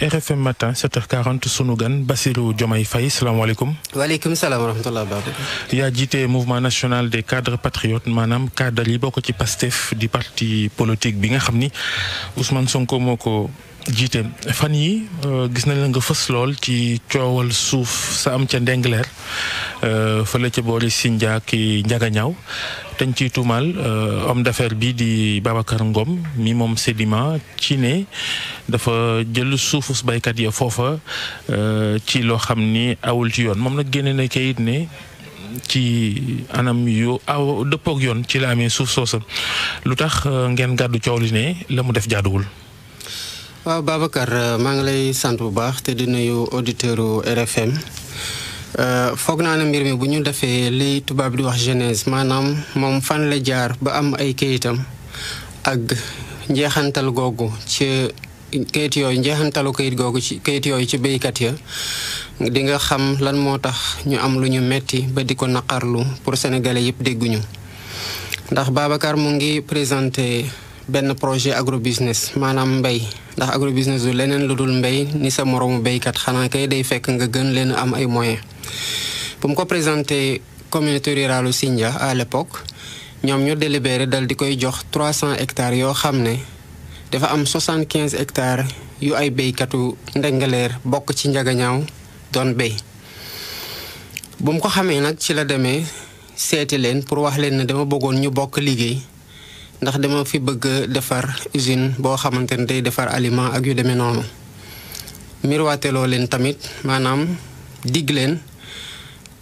RFM matin 7h40 Basirou gan Bassirou salam Faye Wa Il salam wa rahmatulah ya le mouvement national des cadres patriotes manam cadre yi qui ci Pastef di parti politique bi nga Ousmane Sonko jité fan yi euh, gis nañ la nga fess lol ci ciowal souf sa am ca euh fele ci boori sinja ki tan ci tumal euh homme d'affaires bi di babakar Ngom mi mom Sedima ci ne dafa jël suufu baykat ya euh ci lo xamni awul ci yoon mom nak ki ne kayit ne ci anam yu aw dëppoog yoon ci la amee suuf soosa lu euh, ngeen gaddu coow ne lamu def jaadul waaw Babacar euh, maa ngi lay sant bu baax te di nuyu auditeurs RFM euh, foog naa ne mbir mi bu ñu defee li tubaab di wax genèse maanaam moom fan la jaar ba am ay kayitam ak njeexantal googu ci kayit yooyu njeexantalu kayit googu ci kayit yooyu ci béykat ya di nga xam lan moo tax ñu am lu ñu metti ba di ko naqarlu pour sénégalais yëpp dégguñu ndax Babacar mu ngi présenté. benn projet agro agrobusiness maanaam mbéy ndax agrobusiness du leneen lu dul mbéy ni sa moroomu béykat xanaa kay day fekk nga gën leen am ay moyens. bu mu ko présenté communauté ruralu Sindia à l'époque ñoom ñu délibéré dal di koy jox trois 300 hectares yoo xam ne dafa am 75 hectares yu ay béykatu ndengaleer bokk ci njagañaaw doon béy bu mu ko xamee nag ci la demee seeti leen pour wax leen ne dama bëggoon ñu bokk liggéey. ndax dama fi bëgg defar usine boo xamante ne day defar aliment ak yu demee noonu mirwaateloo leen tamit maanaam digg leen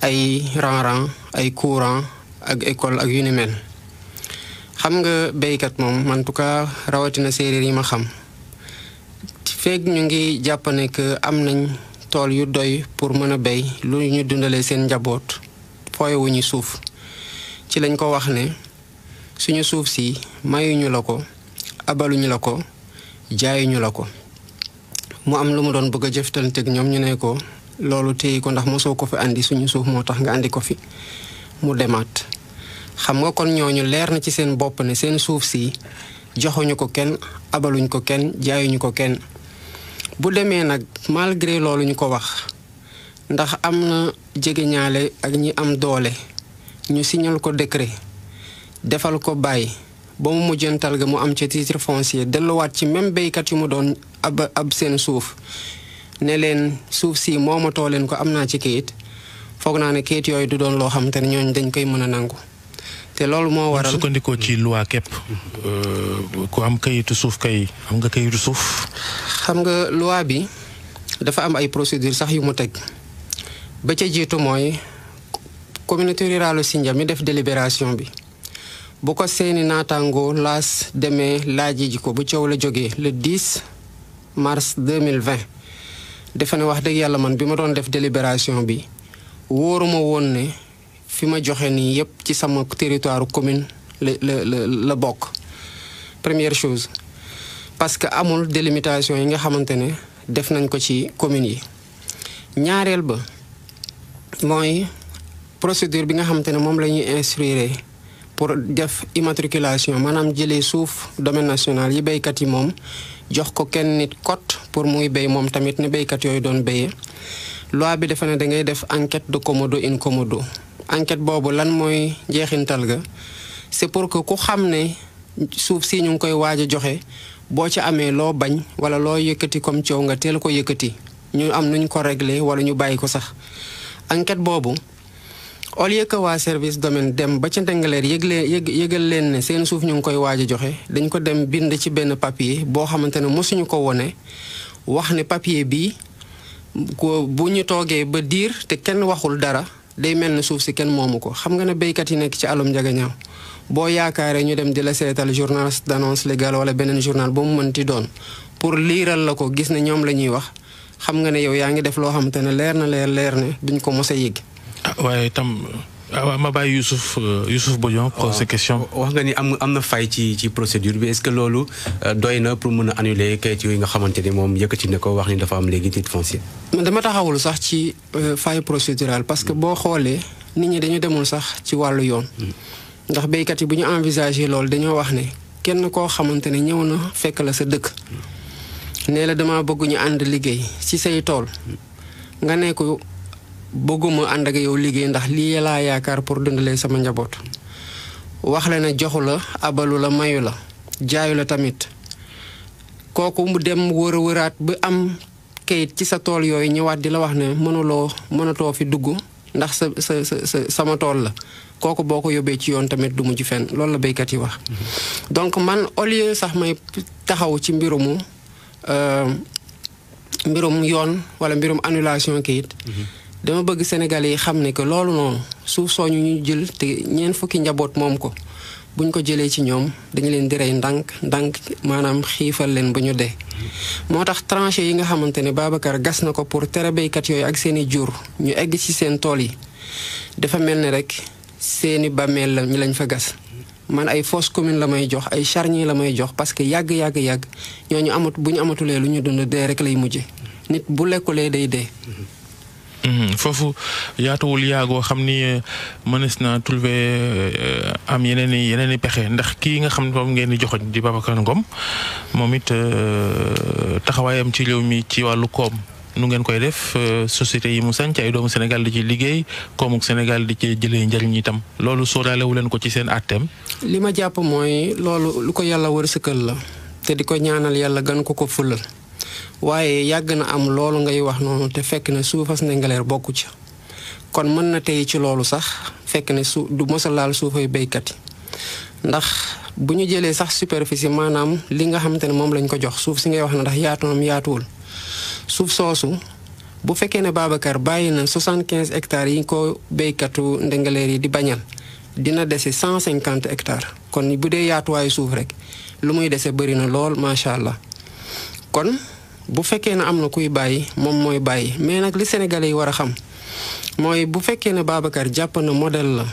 ay rang-rang ay courant ak école ak yu ni mel xam nga béykat moom mantuka rawatina séeréer yi ma xam feeg ñu ngi jàpp ne que am nañ tool yu doy pour mën a béy lu ñu dundalee seen njaboot fooyewuñu suuf ci lañ ko wax ne suñu suuf si mayuñu la ko abaluñu la ko jaayuñu la ko mu am lu mu doon bëgg a jëftanteeg ñoom ñu ne ko loolu téye ko ndax mosoo ko fi indi suñu suuf moo tax nga andi ko fi mu demaat. xam nga kon ñooñu leer na ci seen bopp ne seen suuf si joxuñu ko kenn abaluñ ko kenn jaayuñu ko kenn bu demee nag malgré loolu ñu ko wax ndax am na jegeñaale ak ñi am doole ñu siñal ko décret. defal ko bay, ba mu mujjantal ga mu am ci titre foncier delluwaat ci même béykat yu mu doon ab ab seen suuf ne leen suuf si ko am naa ci kayit foog naa ne kayit yooyu du doon loo xam te ne ñooñu dañ koy mën a nangu te loolu moo waral sukkandikoo ci loi képp euh, ku am kayitu suuf kay am nga kayitu suuf xam nga loi bi dafa am ay procédure sax yu mu teg ba ca jiitu mooy communauté rurale mi def délibération bi bu ko seeni naataango laas demee laaji ji ko bu coow la jógee le 10 mars 2020 defe ne wax dëgg yàlla man bi ma doon def délibération bi wóoruma woon ne fi ma joxe nii yépp ci sama territoire commune la la bokk première chose parce que amul délimitation yi nga xamante ne def nañ ko ci communes yi ñaareel ba mooy procédure bi nga xamante ne moom la ñuy instruire pour def immatriculation maanaam jëlee suuf domaine national yi béykat yi moom jox ko kenn nit cote pour muy béy moom tamit ne béykat yooyu doon béyee loi bi dafa ne da ngay def enquête de commodo incommodo enquête boobu lan mooy njeexintal ga c'est pour que ku xam ne suuf si ñu ngi koy waaj a joxe boo ci amee loo bañ wala loo yëkkati comme coow nga teel ko yëkkati ñu am nuñ ko régler wala ñu bàyyi ko sax enquête boobu au lieu que waa service domaine dem ba ca Ndingler yëgle yëg yëgal leen ne seen suuf ñu ngi koy waaja joxe dañu ko dem bind ci benn papier boo xamante ne mosuñu ko wone wax ne papiye bii ko bu ñu toogee ba diir te kenn waxul dara day mel ne suuf si kenn moomu ko xam nga ne baykat yi nekk ci alum njagañaaw boo yaakaaree ñu dem di la seetal journal d'annonce légal wala beneen journal ba mu mënti doon pour liiral la ko gis ne ñoom la ñuy wax xam nga ne yow yaa ngi def loo xamante ne leer na leer leer ne duñ ko mos a waaye tam waaw ma baye Youssouf euh, Youssouf Bodian pour ah, ces questions. wax nga ni am am fay ci ci procédure bi est-ce que lolu euh, doyna pour mën annuler kay ci yi nga xamanteni mom moom nako wax ni dafa am léegi titre foncier. Man dama taxawul sax ci euh, faille procédural parce que bo xolé nit ñi dañu demul sax ci walu yoon. Hmm. ndax béykat yi bu ñu envisager lolu dañu wax ni kenn ko xamanteni ne ñëw na fekk la sa dëkk. Hmm. nee la dama bëgg ñu and liggéey ci say tool hmm. nga ne ko bëgguma ànd ak yow liggéey ndax lii laa yaakaar pour dundalee sama njaboot wax la ne joxu la abalu la mayu la jaayu la tamit kooku mu dem wër wëraat ba am kayit ci sa tool yooyu ñëwaat di la wax ne mënuloo mënatoo fi dugg ndax sa sa sa sama tool la kooku boo ko yóbbee ci yoon tamit du mu ci fenn loolu la béykat yi wax. Mm-hmm. donc man au lieu sax may taxaw ci mbirumu euh, mbirum yoon wala mbirum annulation kayit. Mm-hmm. dama bëgg Sénégalais yi xam ne que loolu noonu suuf soo ñu jël te ñeent fukki njaboot moom ko bu ñu ko jëlee ci ñoom dañu leen di rey ndànk ndànk maanaam xiifal leen ba ñu dee. moo tax tranché yi nga xamante ne Babacar gas na ko pour tere béykat yooyu ak seeni jur ñu egg ci seen tool yi dafa mel ni rek seeni bàmmeel la ñu lañ fa gas. man ay fosse commune la may jox ay charnier la may jox parce que yàgg yàgg yàgg ñooñu amat bu ñu amatulee lu ñu dund dee rek lay mujje nit bu lekkulee day dee. Mhm. foofu yaatuwul yaagoo xam ni euh, mënees naa trouver euh, am yeneen yeneen i pexe ndax kii nga xam ne moom ngeen di joxoñ di Babacar Ngom moom it euh, taxawaayam ci réew mi ci wàllu koom nu ngeen koy def société yi mu sànc ay doomu Sénégal di ci liggéey koomuk Sénégal di ci jëlee njëriñ itam loolu sóoraale wu leen ko ci seen àtteem. li ma jàpp mooy loolu lu ko yàlla wërsëgal la te di ko ñaanal yàlla gan ko ko fulal. waaye yàgg na am loolu ngay wax noonu te fekk na suufas ne ngeleer bokku ci kon mën na tey ci loolu sax fekk ne su du mësa a laal suufay béykat yi ndax bu ñu jëlee sax superficie maanaam li nga xamante ne moom lañ ko jox suuf si ngay wax ne ndax yaatuwam yaatuwul suuf soosu bu fekkee ne Babacar bàyyi na 75 hectares yi ko béykatu ndengaleer yi di bañal dina dese 150 hectares kon bu dee yaatuwaayu suuf rek lu muy dese bëri na lool macha allah kon bu fekkee ne am na kuy bàyyi moom mooy bàyyi mais nag li sénégalais yi war a xam mooy bu fekkee ne Babacar jàpp na modèle la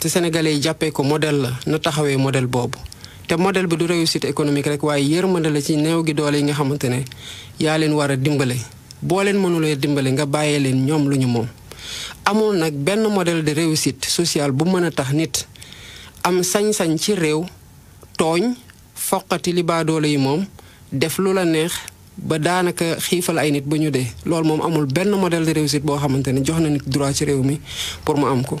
te sénégalais yi jàppee ko modèle la na taxawee modèle boobu. te model bi du réussite économique rek waaye yërmande la ci néew gi doole yi nga xamante ne yaa leen war a dimbale boo leen mënulee dimbale nga bàyyee leen ñoom lu ñu moom. amul nag benn modèle de réussite sociale bu mën a tax nit am sañ-sañ ci réew tooñ foqati li baadoole yi moom def lu la neex. ba daanaka xiifal ay nit ba ñu dee loolu moom amul benn modèle de réussite boo xamante ne jox na nit droit ci réew mi pour mu am ko.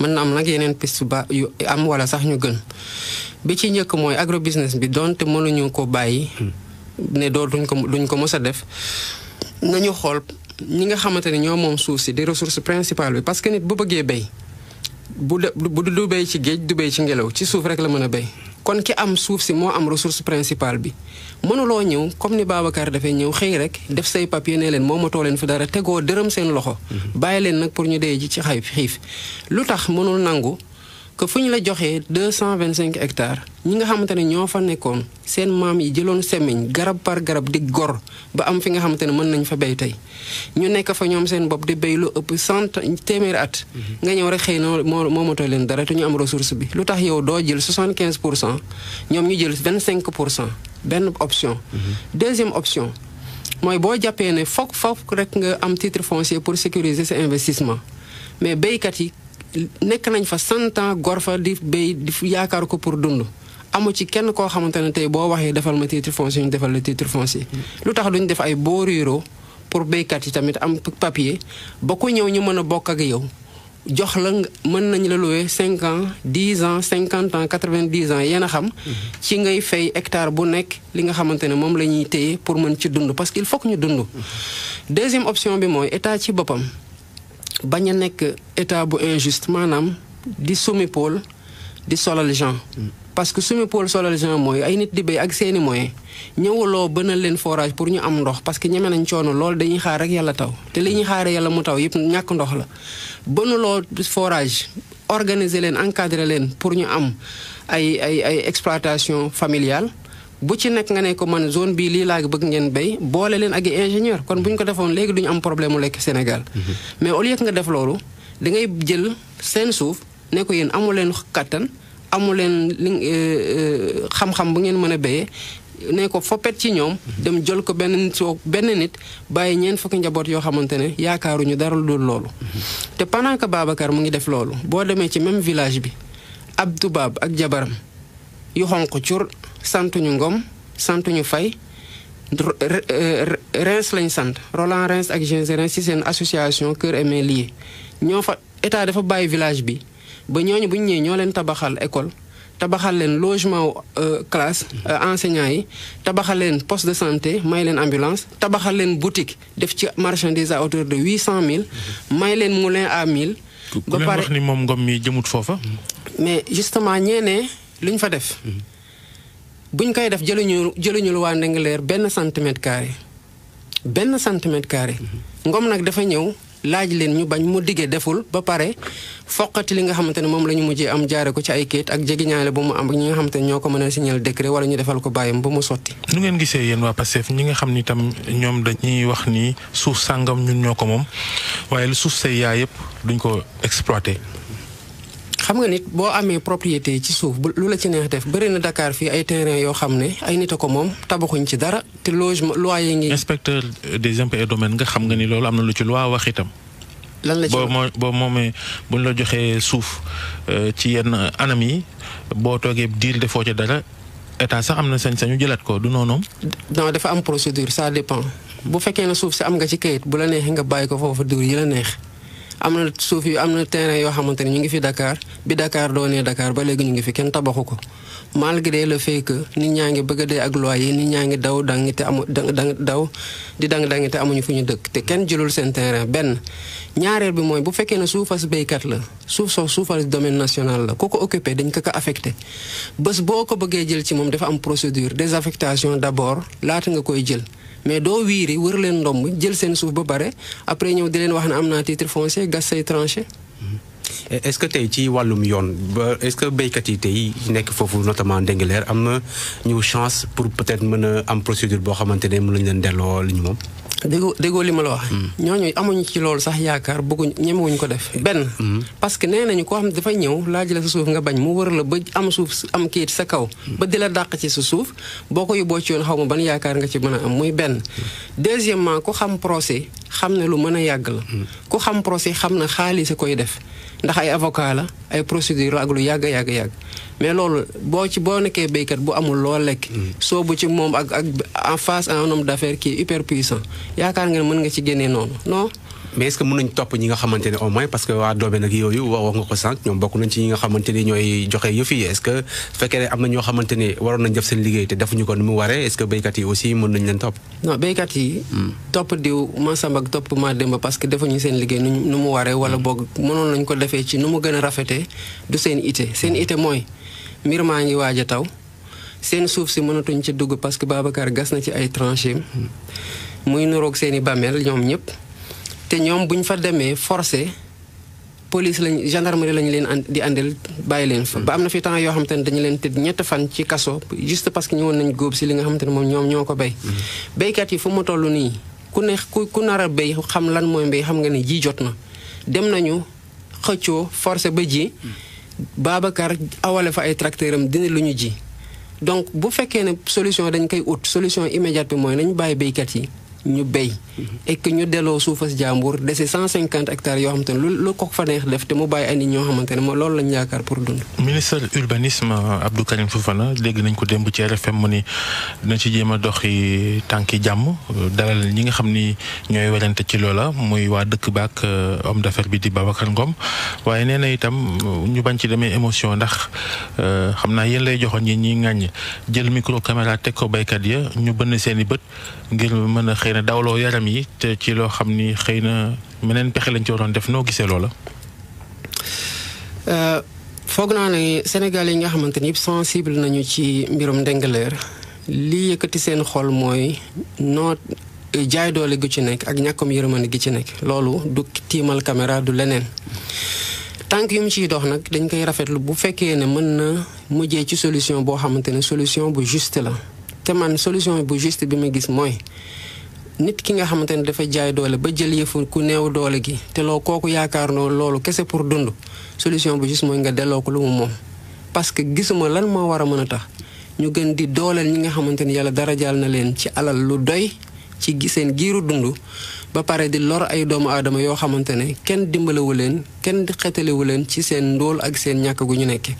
mën na am nag yeneen piste ba yu am wala sax ñu gën bi ci njëkk mooy agro business bi donte mënuñu ko bàyyi. Hmm. ne dool duñ ko duñ ko mës a def nañu xool ñi nga xamante ne ñoo moom suuf si di ressource principal bi parce que nit bu bëggee béy bu du béy ci géej du béy ci ngelaw ci suuf rek la mën a béy. kon ki am suuf si moo am ressource principal bi mënuloo ñëw comme ni Babacar dafay ñëw xëy rek def say papier ne leen moomatoo leen fi dara tegoo dërëm seen loxo. Mhm. bàyyi leen nag pour ñu dee ji ci xay xiif lu tax mënul nangu. que fu la joxé 225 hectares ñi nga xamante ne ñoo fa nekkoon seen maam yi jëloon semmiñ garab par garab di gor ba am fi nga xamante ne mën nañ fa béy tey ñu nekk fa ñoom seen bopp di béy lu ëpp cent téeméeri at. nga ñëw rek xëy na leen dara te ñu am ressource bi lu tax yow doo jël 75 quinze pour cent ñoom ñu jël 25 pour cent benn option. deuxième option mooy boo jàppee ne foog foog rek nga am titre foncier pour sécuriser sa investissement mais béykat yi. nekk nañ fa cent ans gor di béy di yaakaar ko pour dund amu ci kenn koo xamante ne tey boo waxee defal ma titre yu ñu defal la titre foncier mm. lu tax duñ def ay boo réeroo pour béykat yi tamit am papier ba ku ñëw ñu mën a bokk ak yow jox la mën nañ la louer cinquante ans dix cinquante ans quatre-vingt-dix ans yéen a xam mm-hmm. ci ngay fay hectare bu nekk li nga xamante ne moom la ñuy téye pour mën ci dund parce que faut que ñu dund mm-hmm. deuxième option bi mooy état ci boppam bañ a nekk état bu injuste maanaam di summi pôle di solal gens. parce que summi pôle solal gens mooy ay nit di béy ak seeni moyen ñëwuloo bënal leen forage pour ñu am ndox parce que ñeme nañ coono lool dañuy xaar rek yàlla taw te li ñuy xaaree yàlla mu taw yëpp ñàkk ndox la bënuloo forage organiser leen encadrer leen pour ñu am ay ay ay exploitation familiale. bu ci nekk nga ne ko man zone bii lii laa bëgg ngeen béy boole leen ak i ingénieur kon bu ñu ko defoon léegi duñu am problème mu lekk Sénégal. Mhm. mais au lieu nga def loolu dangay jël seen suuf ne ko yéen amu leen kattan amu leen li euh, euh, xam-xam bu ngeen mën a béyee. ne ko foppet ci ñoom mhm. dem jël ko benn nit soo benn nit bàyyi ñeent fukki njaboot yoo xamante ne yaakaaruñu dara lu dul loolu mhm. te pendant que mu ngi def loolu boo demee ci même village bi ab tubaab ak jabaram yu xonq cur santuñu Ngom santuñu fay reins lañ sant Roland reins ak Gingé Reims ci seen association cœur et mains liés ñoo fa état dafa bàyyi village bi ba ñooñu buñ ñu ñëwee ñoo leen tabaxal école tabaxal leen logement euh, classe euh, enseignants yi tabaxal leen poste de santé may leen ambulance tabaxal leen boutique def ci marchandise à hauteur de huit mille may leen moulin à mille ba pare wax ni moom Ngom mi jëmut foofa mais justement ñee ñu fa def buñ koy def jëluñu jëluñu waa Ndingler benn centimètre carré benn centimètre carré ngoom nag dafa ñëw laaj leen ñu bañ mu diggee deful ba pare foqati li nga xamante ne moom la ñu mujjee am jaare ko ci ay kayit ak jegiñaale bu mu am ak ñi nga xamante ne ñoo ko mën a signal décret wala ñu defal ko bàyyam ba mu sotti. nu ngeen gisee yéen waa Pastef ñi nga xam ni tam ñoom dañuy wax ni suuf sàngam ñun ñoo ko moom waaye lu suuf say yaa yëpp duñ ko exploité. xam nga nit boo amee propriété ci suuf lu la ci neex def bëri na Dakar fii ay terrain yoo xam ne ay nit ko moom tabaxuñ ci dara te logement loyer ngi. inspecteur des impôts et domaines nga xam nga ni loolu am na lu ci loi wax itam. lan la ci boo moo boo moomee buñ la joxee suuf euh, ci yenn anam yi boo toogee diir defoo ci dara état sax am na sañ-sañu jëlat ko du noonu. non dafa am procédure ça dépend bu fekkee na suuf si am nga ci kayit bu la neexee nga bàyyi ko foofu diir yi la neex. am na suuf yu am na terrain yoo xamante ne ñu ngi fi dakaar bi dakaar doonee dakaar ba léegi ñu ngi fi kenn tabaxu ko malgré le fait que nit ñaa ngi bëgg a dee ak loyer yi nit ñaa ngi daw dangi te amu dang daw di dang dangi amuñu fu ñu dëkk te kenn jëlul seen terrain benn. ñaareel bi mooy bu fekkee ne suufas béykat la suuf soo suufas domaine national la ku ko occupé dañ ko ko affecté bés boo ko bëggee jël ci moom dafa am procédure désaffectation d'abord laata nga koy jël. mais doo wiiri wër leen ndomb jël seen suuf ba pare après ñëw di leen wax ne am naa titre foncier gas say tranché Eh, est-ce que tey ci wàllum yoon est-ce que béykat yi tey nekk foofu notamment Ndingler am na ñu chance pour peut-être mën a am procédure boo xamante ne mën nañu leen delloo li ñu moom. déggoo li ma la wax. Hmm. ñooñu amuñu ci loolu sax yaakaar bëgguñ ñemewuñ ko def. benn hmm. parce que nee nañu koo xam dafay ñëw laaj la sa suuf nga bañ mu wër la ba am suuf am kayit sa kaw. Hmm. ba di la dàq ci sa suuf boo ko yóbboo ci yoon xaw ma ban yaakaar nga ci mën a am muy benn. deuxièmement ku xam procès xam ne lu mën a yàgg la. ku xam procès xam na xaalis a koy def. ndax ay avocat la ay procédure la ak lu yàgg yàgg yàgg mais loolu boo ci boo nekkee baykat bu amul loo lekk. Mm. soo bu ci moom ak ak en face en un homme d'affaires qui est puissant yaakaar nga ne mën nga ci génnee noonu non. mais est-ce que mën nañ topp ñi nga xamante ne au moins parce que waa doome nag yooyu wax wax nga ko sànq ñoom bokk nañ ci ñi nga xamante ñooy joxe yëf yi est fekkee ne am na ñoo xamante ne waroon nañ def seen liggéey te defuñu ko mu waree est-ce que béykat yi aussi mën nañ leen topp non béykat yi hmm. topp diw ma ak topp ma Demba parce que defuñu seen liggéey nu mu waree wala hmm. boog mënoon nañ ko defee ci nu mu gën a rafetee du seen ite seen ite mooy mbir maa ngi waaj a taw seen suuf si mënatuñ ci dugg parce que Babacar gas na ci ay tranchées hmm. muy nuroog seen i bàmmeel ñoom ñëpp te ñoom bu ñu fa demee forcé police lañ gendarmerie lañu leen di àndil bàyyi leen fa. Hmm. ba am na fi temps yoo xamante ne dañu leen tëdd ñett fan ci kaso juste parce que ñëwoon nañ góob si li nga xamante ne moom ñoom ñoo ko béy. Hmm. béykat yi fu mu toll nii ku ne ku ku nar a béy xam lan mooy mbéy xam nga ni ji jot na dem nañu xëccoo forcé ba ji. Hmm. Babacar awale fa ay tracteur am dina lu ñu ji donc bu fekkee ne solution dañ koy ut solution immédiate bi mooy nañu bàyyi béykat yi. ñu béy mhm. et ñu delloo suufas jàmbur dese cent cinquante hectares yoo xamante ne lu lu ko fa neex mu bàyyi ay nit ñoo xamante ne moom loolu lañu yaakaar pour dund. ministre urbanisme euh, Abdou Karim Fofana dégg nañ ko démb ci RFM mu ni dina ci jéem a doxi tànki jàmm euh, dalal ñi nga xam ni ñooy werante ci loola muy waa dëkk baak euh, homme d'affaires bi di Babacar Ngom waaye nee na itam ñu bañ ci demee émotion ndax xam naa yéen lay joxoon yi ñuy ŋàññ jël micro caméra teg ko baykat ya ñu bënn seeni bët. ngir mën a xëy na dawloo yaram yi te ci loo xam ni xëy na meneen pexe lañ ci waroon def noo gisee loola. Euh, foog naa ne Sénégal yi nga xamante ni sensible nañu ci mbirum Ndingler li yëkkati seen xol mooy noo jaay doole gi ci nekk ak ñàkkum yërmande gi ci nekk loolu du tiimal caméra du leneen. tànk yu mu ciy dox nag dañ koy rafetlu bu fekkee ne mën na mujjee ci solution boo xamante ne solution bu juste la. te man solution bu juste bi mu gis mooy nit ki nga xamante ne dafa jaay doole ba jël yëfu ku néew doole gi te loo kooku yaakaar noo loolu kese pour dund solution bu juste mooy nga delloo ko lu mu moom. parce que gisuma lan moo war a mën a tax ñu gën di dooleel ñi nga xamante ni yàlla dara jaal na leen ci alal lu doy ci seen giiru dund ba pare di lor ay doomu aadama yoo xamante ne kenn dimbalewu leen kenn xetalewu leen ci seen ndóol ak seen ñàkk gu ñu nekk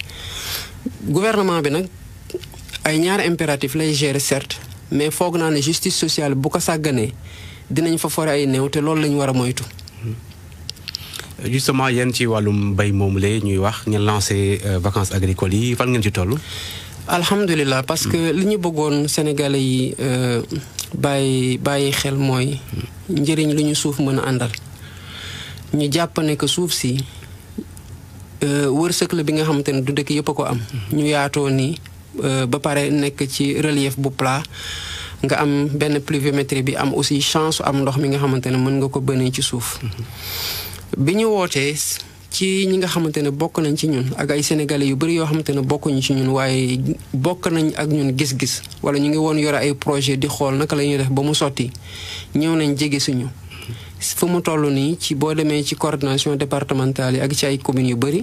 gouvernement bi nag. ay ñaari impératif lay gérer certe mais foog naa ne justice sociale bu ko sàgganee dinañ fa fore ay néew te loolu lañ war a moytu. Euh, justement yéen ci wàllum bay moomu la ñuy wax ngeen lancé euh, vacances agricoles yi fan ngeen ci toll. alhamdulilah parce que hmm. li ñu bëggoon sénégalais yi euh, bàyyi bàyyi xel mooy hmm. njëriñ li ñu suuf mën a àndal ñu jàpp ne que suuf si wërsëg la bi nga xamante ne du dëkk yëpp a ko am. Hmm. ñu yaatoo ni Euh, ba pare nekk ci relief bu plat nga am benn pluviométrie bi am aussi chance am ndox mi nga xamante ne mën nga ko bënee ci suuf mhm. bi ñu wootee ci ñi nga xamante ne bokk nañ ci ñun ak ay sénégalais yu bëri yoo xamante ne bokkuñu ci ñun waaye bokk nañ ak ñun gis-gis wala ñu ngi woon yore ay projet di xool naka la ñuy def ba mu sotti ñëw nañ jege suñu fu mu toll nii ci boo demee ci coordination départementale yi ak ci ay communes yu bëri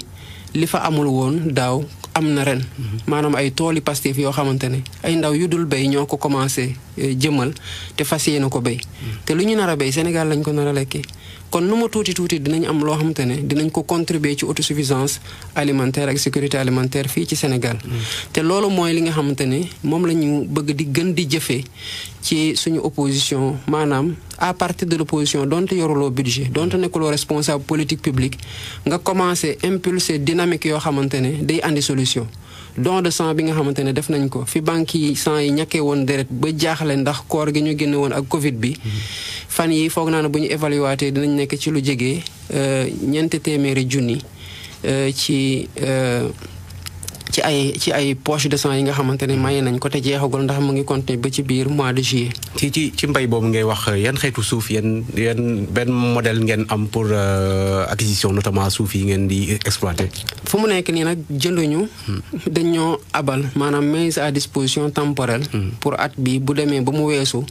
li fa amul woon daaw am na ren maanaam ay tooli Pastef yoo xamante ne ay ndaw yu dul béy ñoo ko commencé eh, jëmal te fas yéene ko béy mm. te lu ñu nar a béy Sénégal lañ ko nar a lekkee kon nu mu tuuti tuuti dinañ am loo xamante ne dinañ ko contribuer ci auto suffisance alimentaire ak sécurité alimentaire fii ci Sénégal. Mm. te loolu mooy li nga xamante ne moom la ñu bëgg di gën di jëfee ci suñu opposition maanaam à partir de l' dont donte yoruloo budget donte nekkuloo responsable politique publique nga commencé impulser dynamique yoo xamante ne day andi solution. don de sang bi nga xamante ne def nañ ko fi banque yi sang yi ñàkkee woon deret ba jaaxle ndax koor gi ñu génne woon ak Covid bi. Mm. fan yi foog naa ne bu ñu évaluaté dinañ nekk ci lu jege euh, ñeenti téeméeri junni euh, ci euh, ci ay ci ay poche de sang yi nga xamante ne maye nañ ko te jeexagul ndax mu ngi continuer ba ci biir mois de juillet. ci ci ci mbay boobu ngay wax yan xeetu suuf yan yan benn modèle ngeen am pour acquisition notamment suuf yi ngeen di exploiter. fu mu nekk nii nag jënduñu. Hmm. ñoo abal maanaam mise à disposition temporelle. Hmm. pour at bi bu demee ba mu weesu.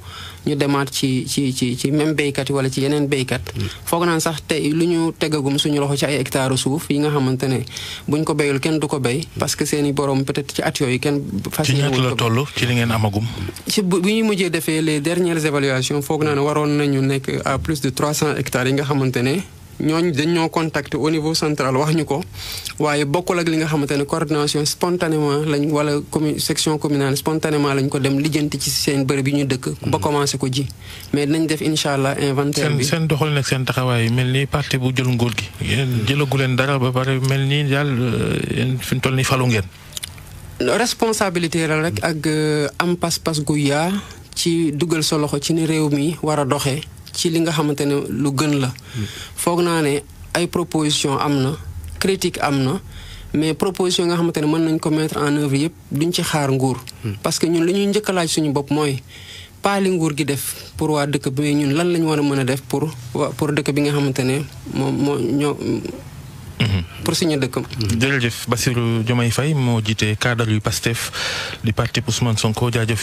ñu demaat ci ci ci ci même béykat yi wala ci yeneen béykat foog naan sax tey lu ñu tegagum suñu loxo ci ay hectare suuf yi nga xamante ne buñ ko béyul kenn du ko béy parce que seeni borom peut-être ci at yooyu kenn fas ci ñaata la toll ci li ngeen amagum ci bu ñu mujjee defee les dernières évaluations foog naa ne waroon nañu nekk à plus de trois cent hectares yi nga xamante ne ñooñ dañ ñoo contacter au niveau central wax ñu ko waaye bokkul ak li nga xamante ne coordination spontanément lañ wala commu section communale spontanément lañ ko dem lijjanti ci seen bërëb bi ñu dëkk. ba hmm. commencé ko ji mais nañ def incha allah inventaire bi. seen seen doxalin ak seen taxawaay mel nii parti bu jël nguur gi. jëlagu leen dara ba pare mel ni daal euh, fi ñu toll nii falu ngeen. responsabilité la rek ak euh, am pas-pas gu yaa ci dugal sa loxo ci ni réew mi war a doxee. ci li nga xamantene lu gën la foog naa ne ay proposition am na critique am na mais proposition nga xamantene mën nañ ko mettre en œuvre yépp duñ ci xaar nguur hmm. parce que ñun li ñuy njëkk laaj suñu bopp mooy li nguur gi def pour waa dëkk bi ñun lan lañ war a mën a def pour pour dëkk bi nga xamantene ne moom moo ñoo hmm. pour suñu dëkkam jërëjëf Basirou Diomaye Faye moo jiite cadre yu Pastef di parti Ousmane Sonko jaajëf